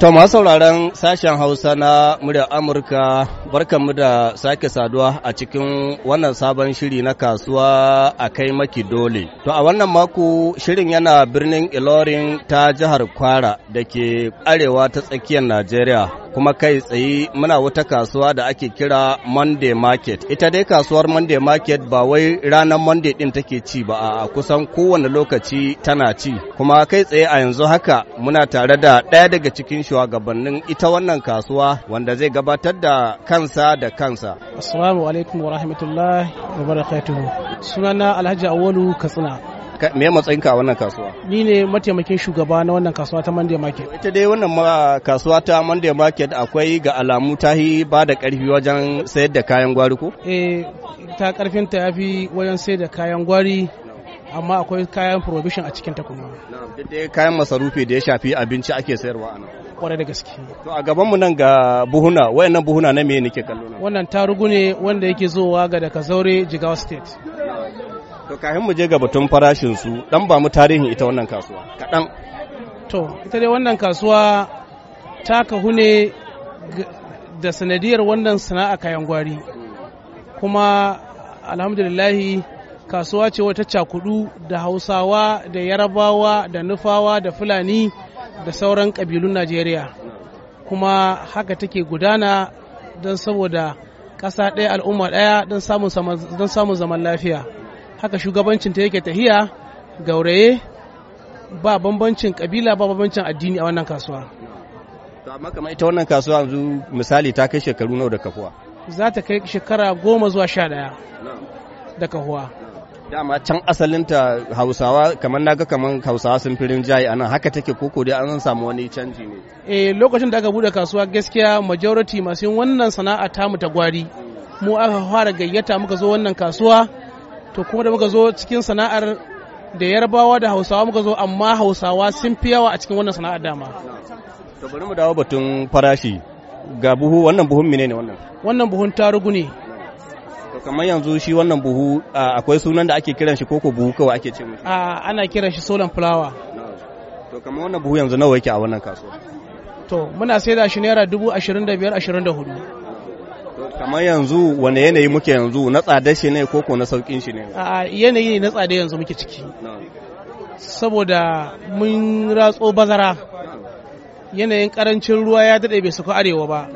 To masu sauraron sashen Hausa na muryar Amurka barkanmu da sake saduwa a cikin wannan sabon shiri na kasuwa a kai maki dole. To a wannan mako shirin yana birnin Ilorin ta jihar Kwara da ke arewa ta tsakiyar Najeriya. Kuma kai tsaye muna wata kasuwa da ake kira Monday Market. Ita dai kasuwar Monday Market ba wai ranar Monday ɗin take ci ba a kusan kowane lokaci tana ci. Kuma kai tsaye a yanzu haka muna tare da ɗaya daga cikin gabanin ita wannan kasuwa wanda zai gabatar da kansa da kansa. Assalamu alaikum wa rahmatullahi wa barakatuhu. Sunana Alhaji Awolu Katsina. me ya matsayin ka a wannan kasuwa ni ne mataimakin shugaba na wannan kasuwa ta Monday Market ita dai wannan kasuwa ta Monday Market akwai ga alamu ta yi ba da karfi wajen sayar da kayan gwari ko eh ta karfin ta fi wajen sayar da kayan gwari amma akwai kayan Prohibition a cikin takunwa. Duk kayan masarufi da ya shafi abinci ake sayarwa a nan. Kwarai da gaske. To a gabanmu nan ga buhuna, wayannan buhuna na meye nake kallo Wannan tarugu ne wanda yake zowa ga daga Zaure Jigawa State. To kafin mu je ga batun farashin su, dan ba mu tarihin ita wannan kasuwa. Kaɗan. To ita dai wannan kasuwa ta kahu ne da sanadiyar wannan sana'a kayan gwari. Kuma alhamdulillahi kasuwa ce wata cakudu da hausawa da yarabawa da nufawa da fulani da sauran ƙabilun najeriya kuma haka take gudana don saboda ƙasa ɗaya al'umma ɗaya don samun zaman lafiya haka shugabancin ta yake tahiya gauraye ba bambancin ƙabila ba bambancin addini a wannan kasuwa ta ita wannan kasuwa yanzu misali ta kai shekaru nawa da kahuwa za ta kai shekara goma zuwa sha ɗaya da kahuwa dama can asalinta hausawa kamar naga kamar hausawa sun firin jayi anan haka take koko dai an samu wani canji ne eh lokacin da aka bude kasuwa gaskiya majority masu yin wannan sana'a mu ta gwari mu aka fara gayyata muka zo wannan kasuwa to kuma da muka zo cikin sana'ar da yarbawa da hausawa muka zo amma hausawa sun fi yawa a cikin wannan sana'ar dama to bari mu dawo batun farashi ga buhu wannan buhun mine ne wannan wannan buhun tarugu ne kamar yanzu shi wannan buhu akwai sunan da ake kiran shi koko buhu kawai ake ce mishi. A ana kiran shi solan fulawa. To kamar wannan buhu yanzu nawa yake a wannan kasuwa? To muna saida shi naira dubu ashirin da biyar ashirin da hudu. kamar yanzu wane yanayi muke yanzu na tsada shi ne koko na saukin shi ne a yanayi ne na tsada yanzu muke ciki saboda mun ratso bazara yanayin karancin ruwa ya daɗe bai suka arewa ba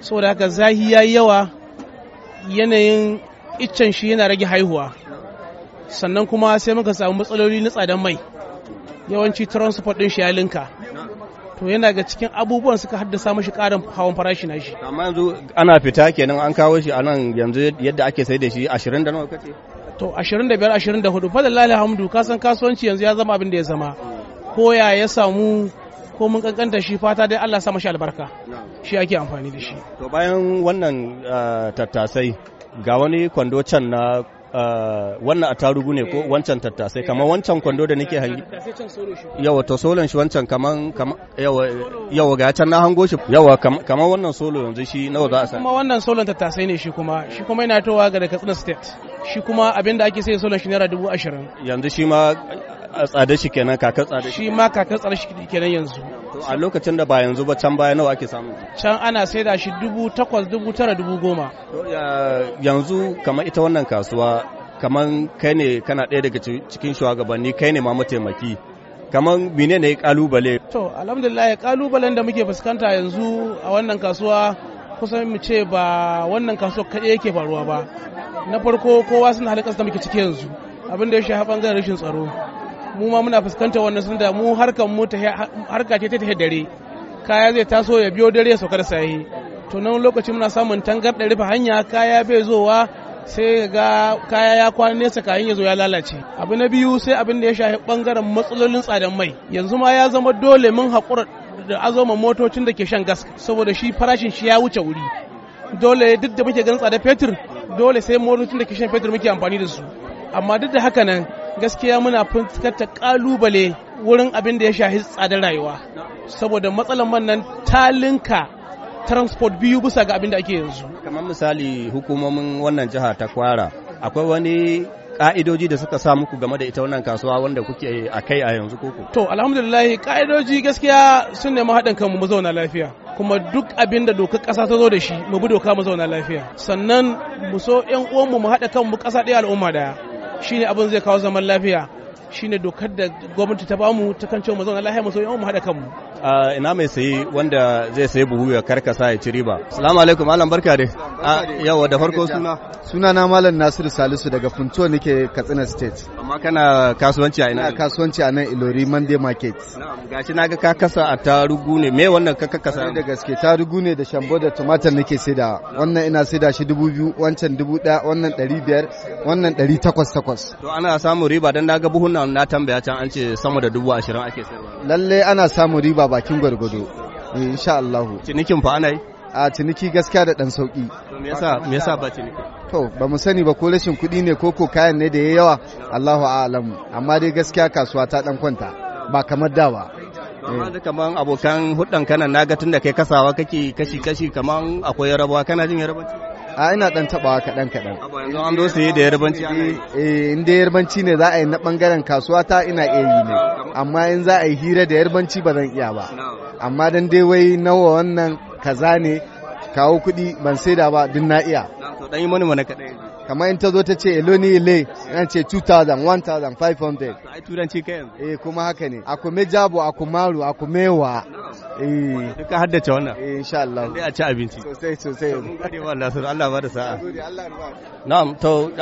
saboda haka zahi ya yi yawa yanayin iccen shi yana rage haihuwa sannan kuma sai muka samu matsaloli na tsadan mai yawanci transport din shi ya linka to yana ga cikin abubuwan suka haddasa mashi karin hawan farashi na shi amma yanzu ana fita kenan an kawo shi a nan yanzu yadda ake sai da shi 20 da nawa kace to 25 24 fa lillahi alhamdu ka san kasuwanci yanzu ya zama abin da ya zama ko ya ya samu ko mun kankanta shi fata dai Allah sa mashi albarka shi ake amfani da shi to bayan wannan ah, tattasai ga wani kwando can na ah, wannan attarugu ne ko eh. wancan tattasai kamar wancan kwando da nake hangi yawa to solon shi wancan kamar yawa ga can na hango shi yawa kamar wannan solo yanzu shi nawa za a sa kuma wannan solon tattasai ne shi kuma shi kuma yana towa ga daga tsina state shi kuma abin da ake sai solon shi naira dubu ashirin yanzu shi ma a tsada shi kenan kakar tsada shi ma kakar tsada shi kenan yanzu a lokacin da ba yanzu ba can baya nawa ake samu can ana saida shi dubu takwas dubu tara dubu goma yanzu kamar ita wannan kasuwa kamar kai ne kana ɗaya daga cikin shugabanni kai ne ma mataimaki kamar mine ne kalubale to alhamdulillah kalubalen da muke fuskanta yanzu a wannan kasuwa kusan mu ce ba wannan kasuwa kaɗai yake faruwa ba na farko kowa suna halakar da muke ciki yanzu abin da ya shafi bangaren rashin tsaro mu ma muna fuskantar wannan sun da mu harkar mu ta harka ce ta dare kaya zai taso ya biyo dare sauka da saye to nan lokacin muna samun tangarɗa rufe hanya kaya bai zowa sai ga kaya ya kwana nesa kayan ya zo ya lalace abu na biyu sai abin da ya shafi bangaren matsalolin tsadan mai yanzu ma ya zama dole mun haƙura da azoma motocin da ke shan gas saboda shi farashin shi ya wuce wuri dole duk da muke ganin tsada fetur dole sai motocin da ke shan fetur muke amfani da su amma duk da haka nan gaskiya muna fuskantar kalubale wurin abin da ya shahi tsadar rayuwa saboda matsalar man nan talinka transport biyu bisa ga abin da ake yanzu kamar misali hukumomin wannan jiha ta kwara akwai wani ka'idoji da suka sa muku game da ita wannan kasuwa wanda kuke a kai a yanzu koko to alhamdulillah ka'idoji gaskiya sun nemi haɗin kanmu mu zauna lafiya kuma duk abin da dokar ƙasa ta zo da shi mu bi doka mu zauna lafiya sannan mu so ƴan uwanmu mu haɗa kanmu ƙasa ɗaya al'umma ɗaya shine abin zai kawo zaman lafiya shine dokar da gwamnati ta bamu ta kan cewa mu zauna lafiya mu so mu haɗa kanmu ina mai sayi wanda zai sayi buhu ya karkasa ya ci riba assalamu alaikum malam barka dai yawa da farko suna suna na malam nasir salisu daga funtuwa nake katsina state amma kana kasuwanci a ina kasuwanci a nan ilori monday market gashi ga ka kasa a tarugu ne me wannan ka kasa da gaske tarugu ne da shambo da tumatir nake saida wannan ina saida shi dubu biyu wancan dubu ɗaya wannan ɗari biyar wannan ɗari takwas takwas to ana samun riba dan naga buhun na tambaya can an ce sama da dubu ashirin ake sayarwa lalle ana samun riba bakin gwargwado eh, insha Allahu cinikin fa anai a ciniki gaskiya da dan sauki me yasa me yasa ba ciniki to ba mu sani ba ko rashin kuɗi ne ko ko kayan ne da yayi yawa Allahu a'lam amma dai gaskiya kasuwa ta dan kwanta ba kamar da ba amma eh. kaman abokan huddan kana naga tunda kai kasawa kake kashi kashi kaman akwai rabuwa kana jin rabuwa a ina dan tabawa kaɗan kaɗan. yanzu an zo saye da yarbanci eh in da yarbanci ne za a yi na bangaren kasuwa ta ina iya yi ne amma in za a yi hira da yarbanci ba zan iya ba amma dan dai wai nawa wannan kaza ne kawo kuɗi ban saida ba duk na iya. to dan yi mani mana kaɗai. kamar in ta zo ta ce eloni ile yan ce 2000 1500 ai turanci kai yanzu eh kuma haka ne akume jabo akumaru akumewa eh duka haddace wannan eh insha Allah dai a ci abinci sosai sosai mun gode wa Allah sun Allah ba da sa'a na'am to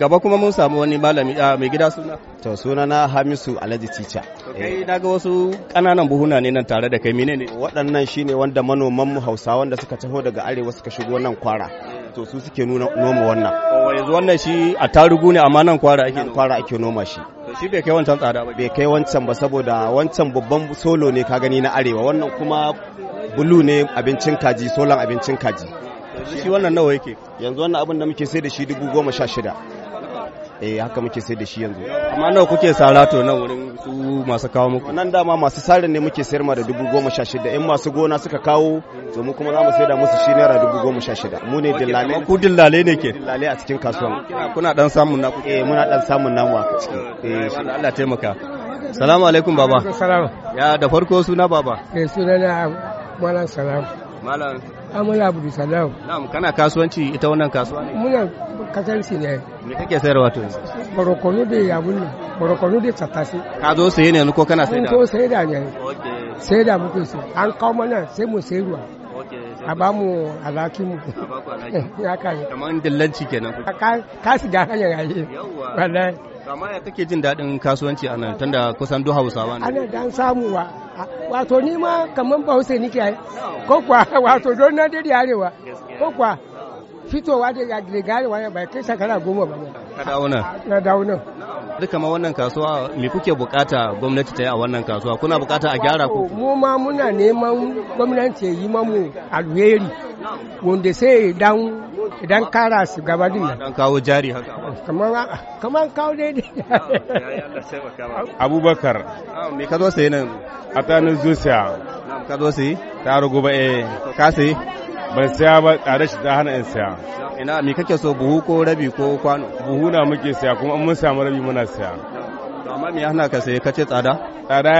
gaba kuma mun samu wani malami mai gida suna to suna na Hamisu Alhaji Cica kai na ga wasu kananan buhuna ne nan tare da kai menene waɗannan shine wanda manoman mu Hausawa wanda suka taho daga arewa suka shigo nan kwara to su suke nuna noma wannan yanzu wannan shi a tarugu ne amma nan kwara ake kwara ake noma shi to shi bai kai wancan tsada ba bai kai wancan ba saboda wancan babban solo ne ka gani na arewa wannan kuma bulu ne abincin kaji solan abincin kaji shi wannan nawa yake yanzu wannan abin da muke sai da shi dubu goma sha shida eh haka muke sai da shi yanzu amma nawa kuke sarato nan wurin su masu kawo muku nan dama masu sarin ne muke sayar ma da dubu goma sha shida in masu gona suka kawo to mu kuma za mu da musu shi naira dubu goma sha shida mu ne dillale ku dillale ne ke dillale a cikin kasuwan kuna dan samun naku eh muna dan samun namu a ciki eh Allah taimaka salamu alaikum baba salamu ya da farko suna baba eh suna na malam salam malam amala ah, salam na'am kana kasuwanci ita wannan kasuwa ne muna kasanci ne me kake sayarwa to yanzu barkono da yabun ne barkono da tattase ka zo saye ne ko kana saida ko da ne okay da muke so an kawo mana sai mu wa a ba mu alaki mu ya kai kamar dillanci kenan ka ka shiga hanyar yayi wallahi kama ya kake jin daɗin kasuwanci a nan tunda kusan duk hausawa ne ana dan samu wa wato ni ma kamar bahaushe nike ko kwa wato don na dade arewa ko kwa. fitowa gari wani bai kai shekara goma ba ne. Ka dawo nan? Na dawo nan. Duka ma wannan kasuwa me kuke bukata gwamnati ta yi a wannan kasuwa kuna bukata a gyara ku? Mu ma muna neman gwamnati yi mamu alheri wanda sai dan idan kara su gaba din Dan kawo jari haka. Kamar kamar kawo daidai. Abubakar. Ah, me ka zo sai nan? A tsanin zuciya. Ka zo sai? Ta rugu ba eh. Ka sai? ban saya ba tare shi ta hana in saya ina me kake so buhu ko rabi ko kwano buhu na muke saya kuma mun samu rabi muna saya amma me hana ka sai kace tsada tsada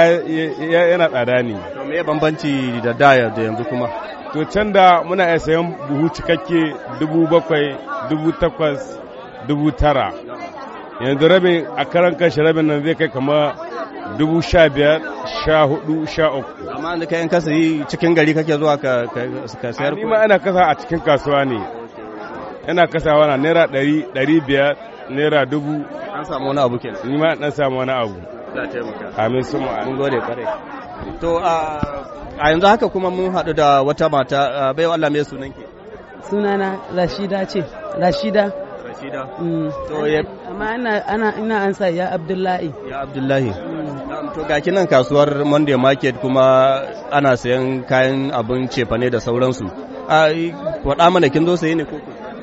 yana tsada ne to me bambanci da da da yanzu kuma to can da muna iya sayan buhu cikakke dubu bakwai dubu takwas dubu tara yanzu rabin a karan kashi rabin nan zai kai kama dubu sha biyar sha hudu sha uku amma da kayan kasa yi cikin gari kake zuwa ka sayar ni ma ina kasa a cikin kasuwa ne yana kasa wana naira dari biyar naira dubu an samu wani abu kenan ni ma dan samu wani abu za taimaka amin su mun gode kare to a yanzu haka kuma mun haɗu da wata mata bai Allah me sunan ki sunana Rashida ce Rashida Rashida mm. to amma ina an ina ansa ya Abdullahi ya Abdullahi mm. Um, to ga nan kasuwar Monday Market kuma ana sayan kayan abin cefane da sauransu. A faɗa mana kin zo saye ne ko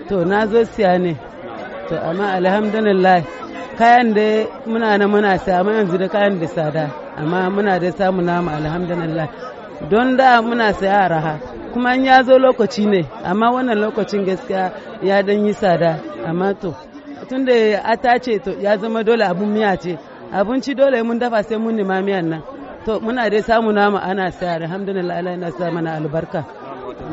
To na zo siya ne. To amma alhamdulillah kayan da muna na muna saya amma yanzu da kayan da tsada amma muna da samu namu alhamdulillah. Don da muna saya raha kuma in ya zo lokaci ne amma wannan lokacin gaskiya ya dan yi tsada amma to tunda ta ce to ya zama dole abun miya ce abinci dole mun dafa sai mun nima miyan nan to muna dai samu namu ana saya alhamdulillah Allah yana sa mana albarka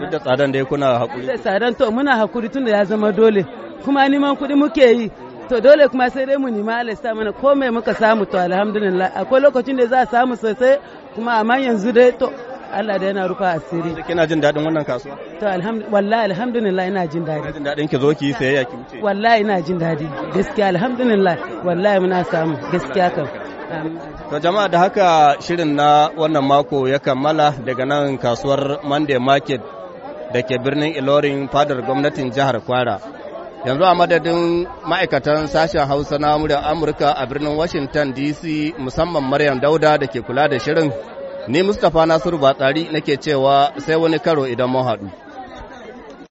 duk da tsadan dai kuna hakuri da tsadan to muna hakuri tunda ya zama dole kuma neman kuɗi muke yi to dole kuma sai dai mu nima Allah sa mana komai muka samu to alhamdulillah akwai lokacin da za a samu sosai kuma amma yanzu dai to Allah da yana rufa asiri kina jin daɗin wannan kasuwa to wallahi alhamdulillah ina jin daɗi jin daɗin ki zo ki sayayya ki wuce wallahi ina jin daɗi gaskiya alhamdulillah wallahi muna samu gaskiya kam To jama'a da haka shirin na wannan mako ya kammala daga nan kasuwar Monday Market da ke birnin Ilorin fadar gwamnatin jihar Kwara. Yanzu a madadin ma'aikatan sashen Hausa na muryar Amurka a birnin Washington DC musamman Maryam Dauda da ke kula da shirin Ni Mustapha Nasiru Batsari nake cewa sai wani karo idan mun haɗu.